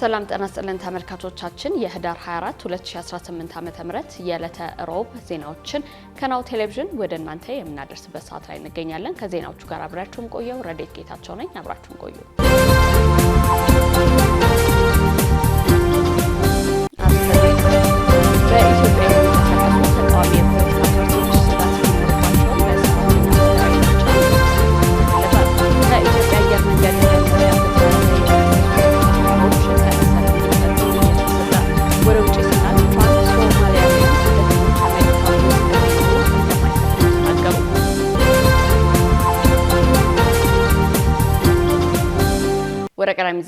ሰላም ጤና ይስጥልን ተመልካቾቻችን፣ የህዳር 24 2018 ም የዕለተ ሮብ ዜናዎችን ከናሁ ቴሌቪዥን ወደ እናንተ የምናደርስበት ሰዓት ላይ እንገኛለን። ከዜናዎቹ ጋር አብራችሁን ቆየው። ረዴት ጌታቸው ነኝ። አብራችሁን ቆዩ።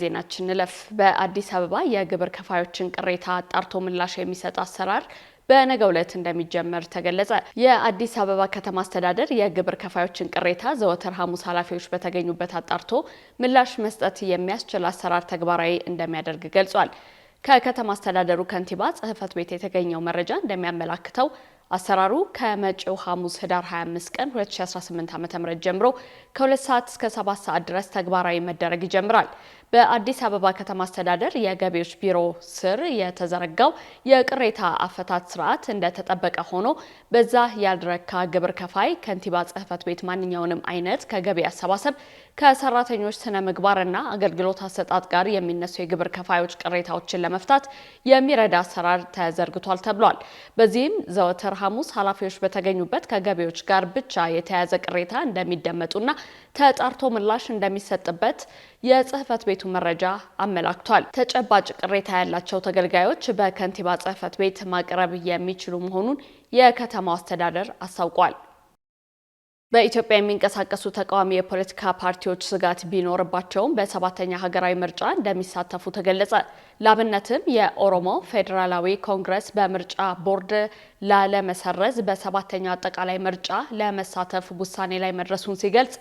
ዜናችን እንለፍ። በአዲስ አበባ የግብር ከፋዮችን ቅሬታ አጣርቶ ምላሽ የሚሰጥ አሰራር በነገ ዕለት እንደሚጀመር ተገለጸ። የአዲስ አበባ ከተማ አስተዳደር የግብር ከፋዮችን ቅሬታ ዘወትር ሐሙስ ኃላፊዎች በተገኙበት አጣርቶ ምላሽ መስጠት የሚያስችል አሰራር ተግባራዊ እንደሚያደርግ ገልጿል። ከከተማ አስተዳደሩ ከንቲባ ጽህፈት ቤት የተገኘው መረጃ እንደሚያመላክተው አሰራሩ ከመጪው ሐሙስ ህዳር 25 ቀን 2018 ዓ.ም ጀምሮ ከ2 ሰዓት እስከ 7 ሰዓት ድረስ ተግባራዊ መደረግ ይጀምራል። በአዲስ አበባ ከተማ አስተዳደር የገቢዎች ቢሮ ስር የተዘረጋው የቅሬታ አፈታት ስርዓት እንደተጠበቀ ሆኖ በዛ ያልረካ ግብር ከፋይ ከንቲባ ጽህፈት ቤት ማንኛውንም አይነት ከገቢ አሰባሰብ ከሰራተኞች ስነ ምግባርና አገልግሎት አሰጣጥ ጋር የሚነሱ የግብር ከፋዮች ቅሬታዎችን ለመፍታት የሚረዳ አሰራር ተዘርግቷል ተብሏል። በዚህም ዘወትር ሐሙስ ኃላፊዎች በተገኙበት ከገቢዎች ጋር ብቻ የተያዘ ቅሬታ እንደሚደመጡና ተጣርቶ ምላሽ እንደሚሰጥበት የጽህፈት ቤቱ መረጃ አመላክቷል። ተጨባጭ ቅሬታ ያላቸው ተገልጋዮች በከንቲባ ጽህፈት ቤት ማቅረብ የሚችሉ መሆኑን የከተማው አስተዳደር አስታውቋል። በኢትዮጵያ የሚንቀሳቀሱ ተቃዋሚ የፖለቲካ ፓርቲዎች ስጋት ቢኖርባቸውም በሰባተኛ ሀገራዊ ምርጫ እንደሚሳተፉ ተገለጸ። ላብነትም የኦሮሞ ፌዴራላዊ ኮንግረስ በምርጫ ቦርድ ላለመሰረዝ በሰባተኛው አጠቃላይ ምርጫ ለመሳተፍ ውሳኔ ላይ መድረሱን ሲገልጽ፣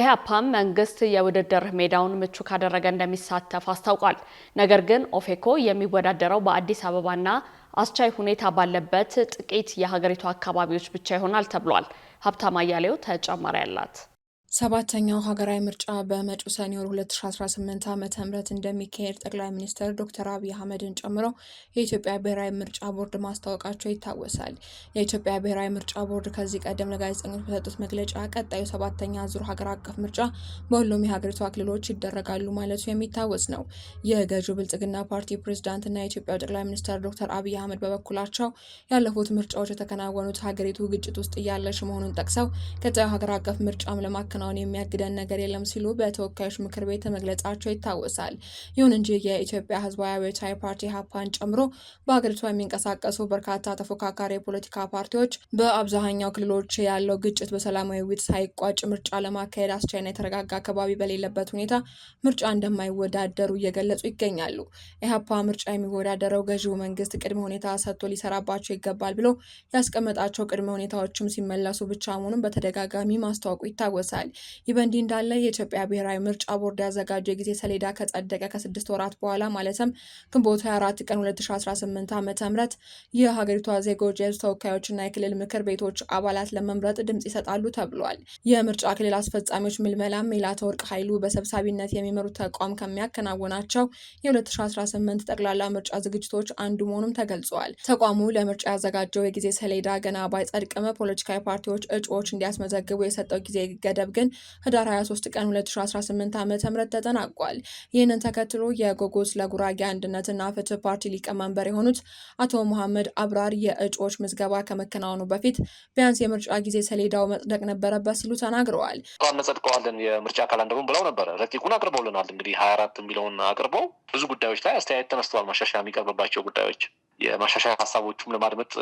ኢህአፓም መንግስት የውድድር ሜዳውን ምቹ ካደረገ እንደሚሳተፍ አስታውቋል። ነገር ግን ኦፌኮ የሚወዳደረው በአዲስ አበባና አስቻይ ሁኔታ ባለበት ጥቂት የሀገሪቱ አካባቢዎች ብቻ ይሆናል ተብሏል። ሀብታም አያሌው ተጨማሪ አላት። ሰባተኛው ሀገራዊ ምርጫ በመጪው ሰኔ ወር 2018 ዓ ም እንደሚካሄድ ጠቅላይ ሚኒስትር ዶክተር አብይ አህመድን ጨምሮ የኢትዮጵያ ብሔራዊ ምርጫ ቦርድ ማስታወቃቸው ይታወሳል። የኢትዮጵያ ብሔራዊ ምርጫ ቦርድ ከዚህ ቀደም ለጋዜጠኞች በሰጡት መግለጫ ቀጣዩ ሰባተኛ ዙር ሀገር አቀፍ ምርጫ በሁሉም የሀገሪቱ ክልሎች ይደረጋሉ ማለቱ የሚታወስ ነው። የገዢው ብልጽግና ፓርቲ ፕሬዝዳንትና የኢትዮጵያው ጠቅላይ ሚኒስትር ዶክተር አብይ አህመድ በበኩላቸው ያለፉት ምርጫዎች የተከናወኑት ሀገሪቱ ግጭት ውስጥ እያለች መሆኑን ጠቅሰው ቀጣዩ ሀገር አቀፍ ምርጫም ለማካ ከማከናወን የሚያግደን ነገር የለም ሲሉ በተወካዮች ምክር ቤት መግለጻቸው ይታወሳል። ይሁን እንጂ የኢትዮጵያ ህዝባዊ አብዮታዊ ፓርቲ ሀፓን ጨምሮ በሀገሪቷ የሚንቀሳቀሱ በርካታ ተፎካካሪ የፖለቲካ ፓርቲዎች በአብዛኛው ክልሎች ያለው ግጭት በሰላማዊ ውይይት ሳይቋጭ ምርጫ ለማካሄድ አስቻይና የተረጋጋ አካባቢ በሌለበት ሁኔታ ምርጫ እንደማይወዳደሩ እየገለጹ ይገኛሉ። ኢህአፓ ምርጫ የሚወዳደረው ገዢው መንግስት ቅድመ ሁኔታ ሰጥቶ ሊሰራባቸው ይገባል ብሎ ያስቀመጣቸው ቅድመ ሁኔታዎችም ሲመለሱ ብቻ መሆኑን በተደጋጋሚ ማስታወቁ ይታወሳል። ተገልጿል። ይህ በእንዲህ እንዳለ የኢትዮጵያ ብሔራዊ ምርጫ ቦርድ ያዘጋጀው የጊዜ ሰሌዳ ከጸደቀ ከስድስት ወራት በኋላ ማለትም ግንቦት 24 ቀን 2018 ዓ ም የሀገሪቷ ዜጎች የህዝብ ተወካዮችና የክልል ምክር ቤቶች አባላት ለመምረጥ ድምጽ ይሰጣሉ ተብሏል። የምርጫ ክልል አስፈጻሚዎች ምልመላም ሜላተወርቅ ኃይሉ በሰብሳቢነት የሚመሩት ተቋም ከሚያከናውናቸው የ2018 ጠቅላላ ምርጫ ዝግጅቶች አንዱ መሆኑም ተገልጿል። ተቋሙ ለምርጫ ያዘጋጀው የጊዜ ሰሌዳ ገና ባይጸድቅም ፖለቲካዊ ፓርቲዎች እጩዎች እንዲያስመዘግቡ የሰጠው ጊዜ ገደብ ግን ህዳር 23 ቀን 2018 ዓ ም ተጠናቋል። ይህንን ተከትሎ የጎጎስ ለጉራጌ አንድነትና ፍትህ ፓርቲ ሊቀመንበር የሆኑት አቶ መሐመድ አብራር የእጩዎች ምዝገባ ከመከናወኑ በፊት ቢያንስ የምርጫ ጊዜ ሰሌዳው መጽደቅ ነበረበት ሲሉ ተናግረዋል። እናጸድቀዋለን የምርጫ አካል ደግሞ ብለው ነበረ። ረቂቁን አቅርበውልናል። እንግዲህ ሀያ አራት የሚለውን አቅርበው ብዙ ጉዳዮች ላይ አስተያየት ተነስተዋል። ማሻሻያ የሚቀርብባቸው ጉዳዮች የማሻሻያ ሀሳቦቹም ለማድመጥ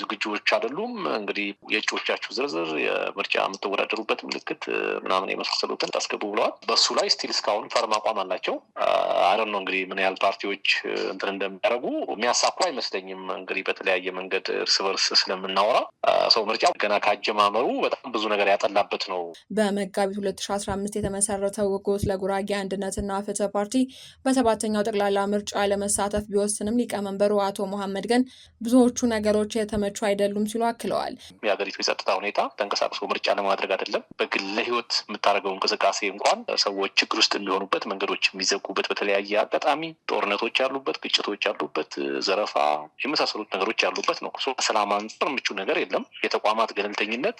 ዝግጁዎች አይደሉም። እንግዲህ የእጩዎቻችሁ ዝርዝር፣ የምርጫ የምትወዳደሩበት ምልክት ምናምን የመሳሰሉትን ታስገቡ ብለዋል። በሱ ላይ ስቲል እስካሁን ፈርም አቋም አላቸው። አይደል ነው እንግዲህ ምን ያህል ፓርቲዎች እንትን እንደሚያደርጉ የሚያሳኩ አይመስለኝም። እንግዲህ በተለያየ መንገድ እርስ በርስ ስለምናወራ ሰው ምርጫ ገና ካጀማመሩ በጣም ብዙ ነገር ያጠላበት ነው። በመጋቢት ሁለት ሺ አስራ አምስት የተመሰረተው ውጎት ለጉራጌ አንድነትና ፍትህ ፓርቲ በሰባተኛው ጠቅላላ ምርጫ ለመሳተፍ ቢወስንም ሊቀመንበሩ አቶ መሐመድ ግን ብዙዎቹ ነገሮች የተመቹ አይደሉም ሲሉ አክለዋል። የሀገሪቱ የጸጥታ ሁኔታ ተንቀሳቅሶ ምርጫ ለማድረግ አይደለም፣ በግል ህይወት የምታደርገው እንቅስቃሴ እንኳን ሰዎች ችግር ውስጥ የሚሆኑበት፣ መንገዶች የሚዘጉበት፣ በተለያየ አጋጣሚ ጦርነቶች ያሉበት፣ ግጭቶች ያሉበት፣ ዘረፋ የመሳሰሉት ነገሮች ያሉበት ነው። ሰላም አንጻር ምቹ ነገር የለም። የተቋማት ገለልተኝነት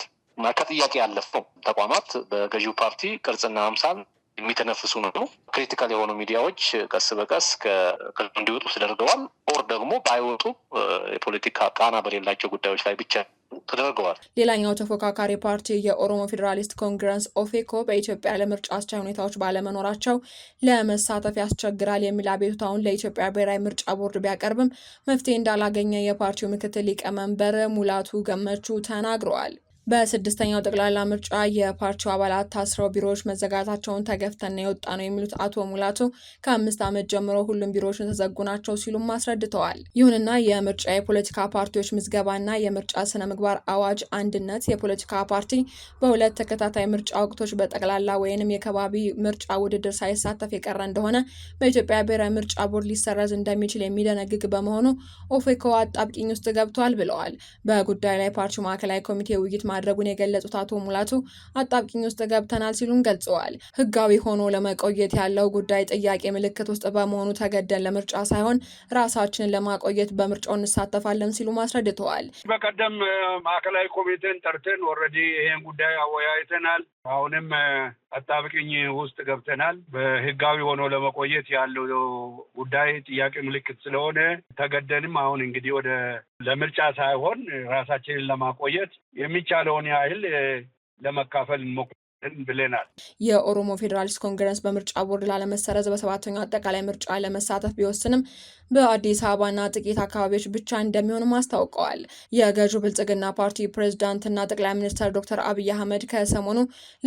ከጥያቄ ያለፈው ተቋማት በገዢው ፓርቲ ቅርጽና አምሳል የሚተነፍሱ ነው። ክሪቲካል የሆኑ ሚዲያዎች ቀስ በቀስ እንዲወጡ ተደርገዋል። ኦር ደግሞ ባይወጡ የፖለቲካ ቃና በሌላቸው ጉዳዮች ላይ ብቻ ተደርገዋል። ሌላኛው ተፎካካሪ ፓርቲ የኦሮሞ ፌዴራሊስት ኮንግረስ ኦፌኮ በኢትዮጵያ ለምርጫ አስቻይ ሁኔታዎች ባለመኖራቸው ለመሳተፍ ያስቸግራል የሚል አቤቱታውን ለኢትዮጵያ ብሔራዊ ምርጫ ቦርድ ቢያቀርብም መፍትሄ እንዳላገኘ የፓርቲው ምክትል ሊቀመንበር ሙላቱ ገመቹ ተናግረዋል። በስድስተኛው ጠቅላላ ምርጫ የፓርቲው አባላት ታስረው ቢሮዎች መዘጋታቸውን ተገፍተና የወጣ ነው የሚሉት አቶ ሙላቱ ከአምስት ዓመት ጀምሮ ሁሉም ቢሮዎች የተዘጉ ናቸው ሲሉም አስረድተዋል። ይሁንና የምርጫ የፖለቲካ ፓርቲዎች ምዝገባና የምርጫ ስነ ምግባር አዋጅ አንድነት የፖለቲካ ፓርቲ በሁለት ተከታታይ ምርጫ ወቅቶች በጠቅላላ ወይንም የከባቢ ምርጫ ውድድር ሳይሳተፍ የቀረ እንደሆነ በኢትዮጵያ ብሔራዊ ምርጫ ቦርድ ሊሰረዝ እንደሚችል የሚደነግግ በመሆኑ ኦፌኮ አጣብቂኝ ውስጥ ገብቷል ብለዋል። በጉዳዩ ላይ ፓርቲው ማዕከላዊ ኮሚቴ ውይይት ማድረጉን የገለጹት አቶ ሙላቱ አጣብቂኝ ውስጥ ገብተናል ሲሉም ገልጸዋል። ህጋዊ ሆኖ ለመቆየት ያለው ጉዳይ ጥያቄ ምልክት ውስጥ በመሆኑ ተገደን ለምርጫ ሳይሆን ራሳችንን ለማቆየት በምርጫው እንሳተፋለን ሲሉም አስረድተዋል። በቀደም ማዕከላዊ ኮሚቴን ጠርተን ወረዲ ይሄን ጉዳይ አወያይተናል። አሁንም አጣብቅኝ ውስጥ ገብተናል። በህጋዊ ሆኖ ለመቆየት ያለው ጉዳይ ጥያቄ ምልክት ስለሆነ ተገደንም አሁን እንግዲህ ወደ ለምርጫ ሳይሆን ራሳችንን ለማቆየት የሚቻለውን ያህል ለመካፈል እንሞክር ብለናል። የኦሮሞ ፌዴራሊስት ኮንግረስ በምርጫ ቦርድ ላለመሰረዝ በሰባተኛው አጠቃላይ ምርጫ ለመሳተፍ ቢወስንም በአዲስ አበባና ጥቂት አካባቢዎች ብቻ እንደሚሆንም አስታውቀዋል። የገዢው ብልጽግና ፓርቲ ፕሬዝዳንትና ጠቅላይ ሚኒስትር ዶክተር አብይ አህመድ ከሰሞኑ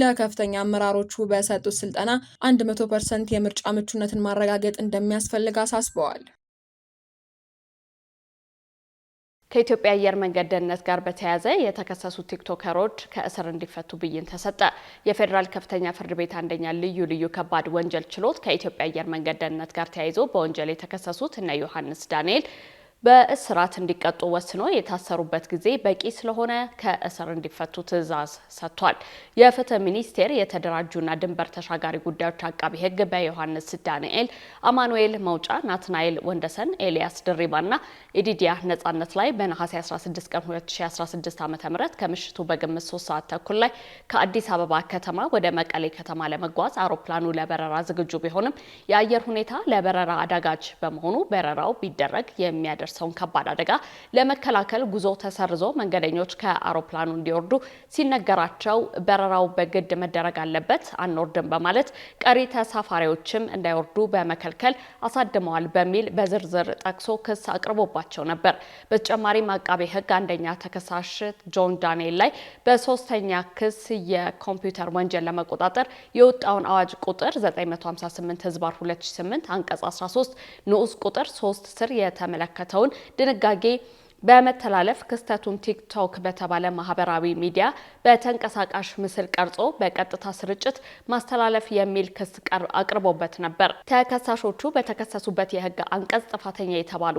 ለከፍተኛ አመራሮቹ በሰጡት ስልጠና መቶ ፐርሰንት የምርጫ ምቹነትን ማረጋገጥ እንደሚያስፈልግ አሳስበዋል። ከኢትዮጵያ አየር መንገድ ደህንነት ጋር በተያያዘ የተከሰሱ ቲክቶከሮች ከእስር እንዲፈቱ ብይን ተሰጠ። የፌዴራል ከፍተኛ ፍርድ ቤት አንደኛ ልዩ ልዩ ከባድ ወንጀል ችሎት ከኢትዮጵያ አየር መንገድ ደህንነት ጋር ተያይዞ በወንጀል የተከሰሱት እነ ዮሐንስ ዳንኤል በእስራት እንዲቀጡ ወስኖ የታሰሩበት ጊዜ በቂ ስለሆነ ከእስር እንዲፈቱ ትዕዛዝ ሰጥቷል። የፍትህ ሚኒስቴር የተደራጁና ድንበር ተሻጋሪ ጉዳዮች አቃቢ ህግ በዮሐንስ ዳንኤል አማኑኤል መውጫ፣ ናትናኤል ወንደሰን፣ ኤልያስ ድሪባና ኢዲዲያ ነጻነት ላይ በነሐሴ 16 ቀን 2016 ዓ.ም ከምሽቱ በግምት 3 ሰዓት ተኩል ላይ ከአዲስ አበባ ከተማ ወደ መቀሌ ከተማ ለመጓዝ አውሮፕላኑ ለበረራ ዝግጁ ቢሆንም የአየር ሁኔታ ለበረራ አዳጋች በመሆኑ በረራው ቢደረግ የሚያደ። የሚያደርሰውን ከባድ አደጋ ለመከላከል ጉዞ ተሰርዞ መንገደኞች ከአውሮፕላኑ እንዲወርዱ ሲነገራቸው በረራው በግድ መደረግ አለበት፣ አንወርድም በማለት ቀሪ ተሳፋሪዎችም እንዳይወርዱ በመከልከል አሳድመዋል በሚል በዝርዝር ጠቅሶ ክስ አቅርቦባቸው ነበር። በተጨማሪም አቃቤ ሕግ አንደኛ ተከሳሽ ጆን ዳንኤል ላይ በሶስተኛ ክስ የኮምፒውተር ወንጀል ለመቆጣጠር የወጣውን አዋጅ ቁጥር 958 ህዝባር 2008 አንቀጽ 13 ንዑስ ቁጥር 3 ስር የተመለከተው የወጣውን ድንጋጌ በመተላለፍ ክስተቱን ቲክቶክ በተባለ ማህበራዊ ሚዲያ በተንቀሳቃሽ ምስል ቀርጾ በቀጥታ ስርጭት ማስተላለፍ የሚል ክስ አቅርቦበት ነበር። ተከሳሾቹ በተከሰሱበት የሕግ አንቀጽ ጥፋተኛ የተባሉ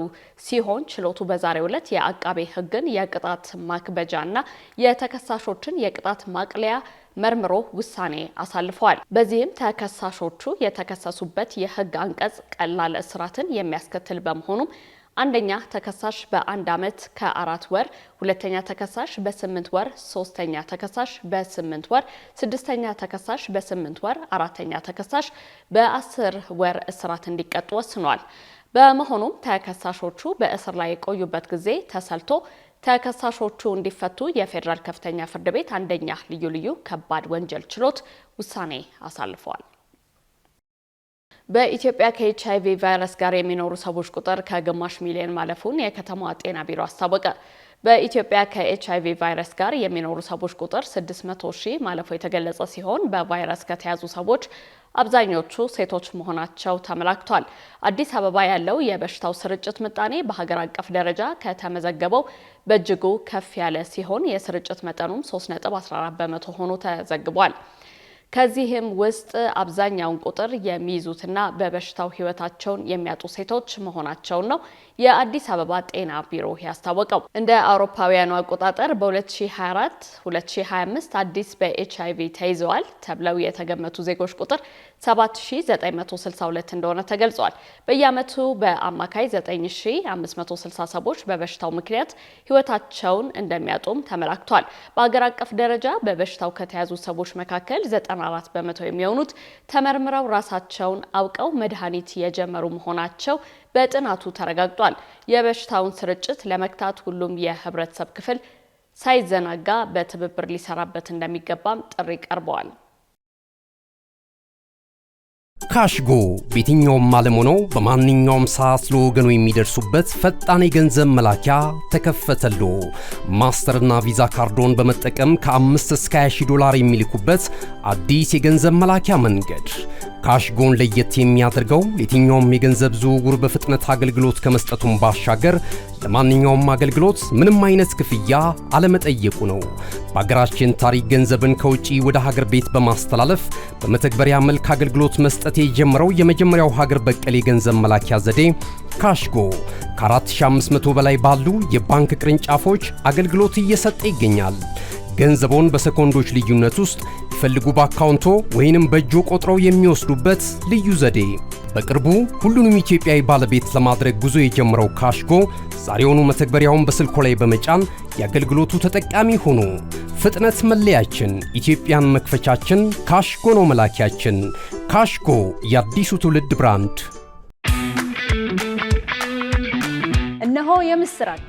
ሲሆን ችሎቱ በዛሬው ዕለት የአቃቤ ሕግን የቅጣት ማክበጃ እና የተከሳሾችን የቅጣት ማቅለያ መርምሮ ውሳኔ አሳልፈዋል። በዚህም ተከሳሾቹ የተከሰሱበት የሕግ አንቀጽ ቀላል እስራትን የሚያስከትል በመሆኑም አንደኛ ተከሳሽ በአንድ ዓመት ከአራት ወር፣ ሁለተኛ ተከሳሽ በስምንት ወር፣ ሶስተኛ ተከሳሽ በስምንት ወር፣ ስድስተኛ ተከሳሽ በስምንት ወር፣ አራተኛ ተከሳሽ በአስር ወር እስራት እንዲቀጡ ወስኗል። በመሆኑም ተከሳሾቹ በእስር ላይ የቆዩበት ጊዜ ተሰልቶ ተከሳሾቹ እንዲፈቱ የፌዴራል ከፍተኛ ፍርድ ቤት አንደኛ ልዩ ልዩ ከባድ ወንጀል ችሎት ውሳኔ አሳልፈዋል። በኢትዮጵያ ከኤች አይቪ ቫይረስ ጋር የሚኖሩ ሰዎች ቁጥር ከግማሽ ሚሊዮን ማለፉን የከተማዋ ጤና ቢሮ አስታወቀ። በኢትዮጵያ ከኤች አይቪ ቫይረስ ጋር የሚኖሩ ሰዎች ቁጥር 600 ሺህ ማለፉ የተገለጸ ሲሆን በቫይረስ ከተያዙ ሰዎች አብዛኞቹ ሴቶች መሆናቸው ተመላክቷል። አዲስ አበባ ያለው የበሽታው ስርጭት ምጣኔ በሀገር አቀፍ ደረጃ ከተመዘገበው በእጅጉ ከፍ ያለ ሲሆን የስርጭት መጠኑም 3.14 በመቶ ሆኖ ተዘግቧል። ከዚህም ውስጥ አብዛኛውን ቁጥር የሚይዙትና በበሽታው ህይወታቸውን የሚያጡ ሴቶች መሆናቸውን ነው የአዲስ አበባ ጤና ቢሮ ያስታወቀው። እንደ አውሮፓውያኑ አቆጣጠር በ2024 2025 አዲስ በኤች አይቪ ተይዘዋል ተብለው የተገመቱ ዜጎች ቁጥር 7962 እንደሆነ ተገልጿል። በየዓመቱ በአማካይ 9560 ሰዎች በበሽታው ምክንያት ህይወታቸውን እንደሚያጡም ተመላክቷል። በአገር አቀፍ ደረጃ በበሽታው ከተያዙ ሰዎች መካከል 94 በመቶ የሚሆኑት ተመርምረው ራሳቸውን አውቀው መድኃኒት የጀመሩ መሆናቸው በጥናቱ ተረጋግጧል። የበሽታውን ስርጭት ለመግታት ሁሉም የህብረተሰብ ክፍል ሳይዘናጋ በትብብር ሊሰራበት እንደሚገባም ጥሪ ቀርበዋል። ካሽጎ በየትኛውም ዓለም ሆነው በማንኛውም ሰዓት ለወገኑ የሚደርሱበት ፈጣን የገንዘብ መላኪያ ተከፈተሉ። ማስተርና ቪዛ ካርዶን በመጠቀም ከ5 እስከ 20 ዶላር የሚልኩበት አዲስ የገንዘብ መላኪያ መንገድ። ካሽጎን ለየት የሚያደርገው የትኛውም የገንዘብ ዝውውር በፍጥነት አገልግሎት ከመስጠቱን ባሻገር ለማንኛውም አገልግሎት ምንም አይነት ክፍያ አለመጠየቁ ነው። በአገራችን ታሪክ ገንዘብን ከውጪ ወደ ሀገር ቤት በማስተላለፍ በመተግበሪያ መልክ አገልግሎት መስጠት የጀመረው የመጀመሪያው ሀገር በቀል የገንዘብ መላኪያ ዘዴ ካሽጎ ከ4500 በላይ ባሉ የባንክ ቅርንጫፎች አገልግሎት እየሰጠ ይገኛል። ገንዘቦን በሰኮንዶች ልዩነት ውስጥ ይፈልጉ፣ በአካውንቶ ወይንም በእጆ ቆጥረው የሚወስዱበት ልዩ ዘዴ በቅርቡ ሁሉንም ኢትዮጵያዊ ባለቤት ለማድረግ ጉዞ የጀመረው ካሽጎ ዛሬውኑ መተግበሪያውን በስልኮ ላይ በመጫን የአገልግሎቱ ተጠቃሚ ሆኖ ፍጥነት መለያችን፣ ኢትዮጵያን መክፈቻችን፣ ካሽጎ ነው መላኪያችን። ካሽጎ የአዲሱ ትውልድ ብራንድ። እነሆ የምስራች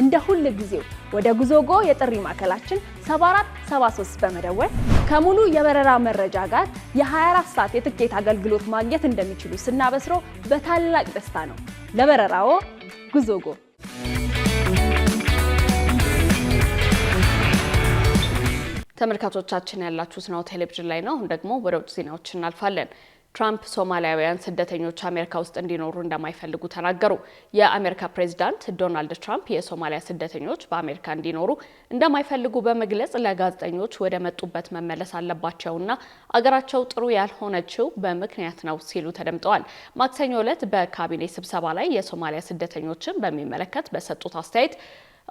እንደ ሁል ጊዜው ወደ ጉዞጎ የጥሪ ማዕከላችን 7473 በመደወል ከሙሉ የበረራ መረጃ ጋር የ24 ሰዓት የትኬት አገልግሎት ማግኘት እንደሚችሉ ስናበስሮ በታላቅ ደስታ ነው። ለበረራዎ ጉዞጎ። ተመልካቾቻችን ያላችሁት ናሁ ቴሌቪዥን ላይ ነው። አሁን ደግሞ ወደ ውጭ ዜናዎች እናልፋለን። ትራምፕ ሶማሊያውያን ስደተኞች አሜሪካ ውስጥ እንዲኖሩ እንደማይፈልጉ ተናገሩ። የአሜሪካ ፕሬዚዳንት ዶናልድ ትራምፕ የሶማሊያ ስደተኞች በአሜሪካ እንዲኖሩ እንደማይፈልጉ በመግለጽ ለጋዜጠኞች ወደ መጡበት መመለስ አለባቸውና አገራቸው ጥሩ ያልሆነችው በምክንያት ነው ሲሉ ተደምጠዋል። ማክሰኞ ዕለት በካቢኔ ስብሰባ ላይ የሶማሊያ ስደተኞችን በሚመለከት በሰጡት አስተያየት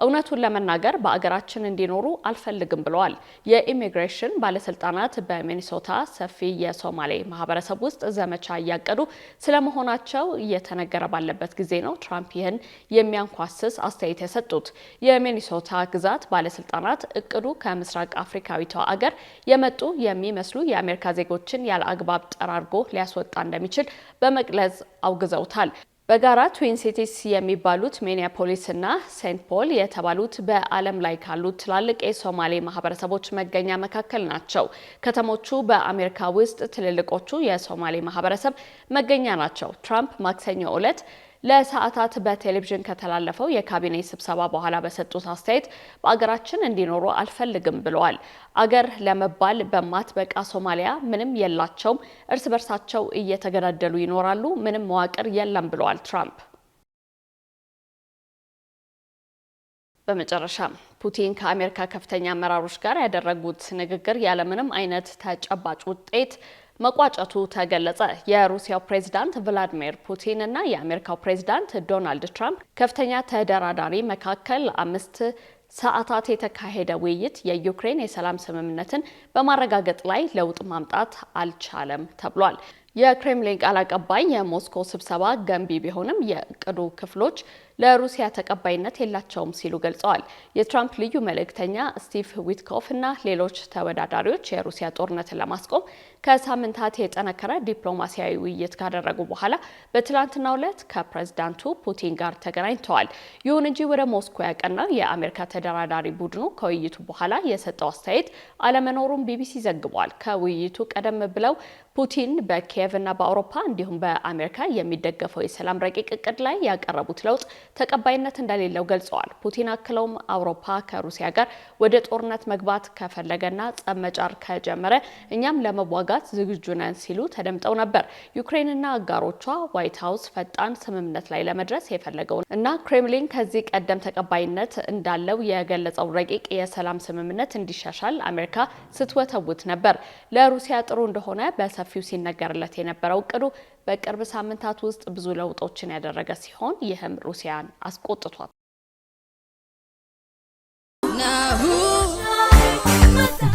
እውነቱን ለመናገር በአገራችን እንዲኖሩ አልፈልግም ብለዋል። የኢሚግሬሽን ባለስልጣናት በሚኒሶታ ሰፊ የሶማሌ ማህበረሰብ ውስጥ ዘመቻ እያቀዱ ስለመሆናቸው እየተነገረ ባለበት ጊዜ ነው ትራምፕ ይህን የሚያንኳስስ አስተያየት የሰጡት። የሚኒሶታ ግዛት ባለስልጣናት እቅዱ ከምስራቅ አፍሪካዊቷ አገር የመጡ የሚመስሉ የአሜሪካ ዜጎችን ያለ አግባብ ጠራርጎ ሊያስወጣ እንደሚችል በመግለጽ አውግዘውታል። በጋራ ትዊን ሲቲስ የሚባሉት ሚኒያፖሊስ እና ሴንት ፖል የተባሉት በዓለም ላይ ካሉት ትላልቅ የሶማሌ ማህበረሰቦች መገኛ መካከል ናቸው። ከተሞቹ በአሜሪካ ውስጥ ትልልቆቹ የሶማሌ ማህበረሰብ መገኛ ናቸው። ትራምፕ ማክሰኞ ዕለት ለሰዓታት በቴሌቪዥን ከተላለፈው የካቢኔ ስብሰባ በኋላ በሰጡት አስተያየት በአገራችን እንዲኖሩ አልፈልግም ብለዋል። አገር ለመባል በማትበቃ ሶማሊያ ምንም የላቸውም፣ እርስ በርሳቸው እየተገዳደሉ ይኖራሉ፣ ምንም መዋቅር የለም ብለዋል ትራምፕ። በመጨረሻም ፑቲን ከአሜሪካ ከፍተኛ አመራሮች ጋር ያደረጉት ንግግር ያለምንም አይነት ተጨባጭ ውጤት መቋጨቱ ተገለጸ። የሩሲያው ፕሬዝዳንት ቭላዲሚር ፑቲን እና የአሜሪካው ፕሬዝዳንት ዶናልድ ትራምፕ ከፍተኛ ተደራዳሪ መካከል አምስት ሰዓታት የተካሄደ ውይይት የዩክሬን የሰላም ስምምነትን በማረጋገጥ ላይ ለውጥ ማምጣት አልቻለም ተብሏል። የክሬምሊን ቃል አቀባይ የሞስኮ ስብሰባ ገንቢ ቢሆንም የእቅዱ ክፍሎች ለሩሲያ ተቀባይነት የላቸውም ሲሉ ገልጸዋል። የትራምፕ ልዩ መልእክተኛ ስቲቭ ዊትኮፍ እና ሌሎች ተወዳዳሪዎች የሩሲያ ጦርነትን ለማስቆም ከሳምንታት የጠነከረ ዲፕሎማሲያዊ ውይይት ካደረጉ በኋላ በትላንትናው ዕለት ከፕሬዝዳንቱ ፑቲን ጋር ተገናኝተዋል። ይሁን እንጂ ወደ ሞስኮ ያቀናው የአሜሪካ ተደራዳሪ ቡድኑ ከውይይቱ በኋላ የሰጠው አስተያየት አለመኖሩን ቢቢሲ ዘግቧል። ከውይይቱ ቀደም ብለው ፑቲን በኪየቭ እና በአውሮፓ እንዲሁም በአሜሪካ የሚደገፈው የሰላም ረቂቅ እቅድ ላይ ያቀረቡት ለውጥ ተቀባይነት እንደሌለው ገልጸዋል። ፑቲን አክለውም አውሮፓ ከሩሲያ ጋር ወደ ጦርነት መግባት ከፈለገና ጸብ መጫር ከጀመረ እኛም ለመዋጋት ዝግጁ ነን ሲሉ ተደምጠው ነበር። ዩክሬንና አጋሮቿ ዋይት ሀውስ ፈጣን ስምምነት ላይ ለመድረስ የፈለገውን እና ክሬምሊን ከዚህ ቀደም ተቀባይነት እንዳለው የገለጸው ረቂቅ የሰላም ስምምነት እንዲሻሻል አሜሪካ ስትወተውት ነበር። ለሩሲያ ጥሩ እንደሆነ በሰ በሰፊው ሲነገርለት የነበረው እቅዱ በቅርብ ሳምንታት ውስጥ ብዙ ለውጦችን ያደረገ ሲሆን ይህም ሩሲያን አስቆጥቷል።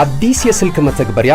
አዲስ የስልክ መተግበሪያ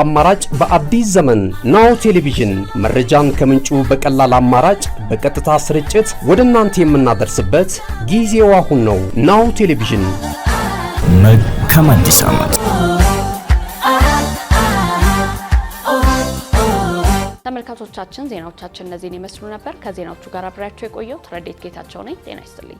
አማራጭ በአዲስ ዘመን ናሁ ቴሌቪዥን መረጃን ከምንጩ በቀላል አማራጭ በቀጥታ ስርጭት ወደ እናንተ የምናደርስበት ጊዜው አሁን ነው። ናሁ ቴሌቪዥን መልካም አዲስ ዓመት። ተመልካቾቻችን ዜናዎቻችን እነዚህን ይመስሉ ነበር። ከዜናዎቹ ጋር አብሬያቸው የቆየው ረዴት ጌታቸው ነኝ። ጤና ይስጥልኝ።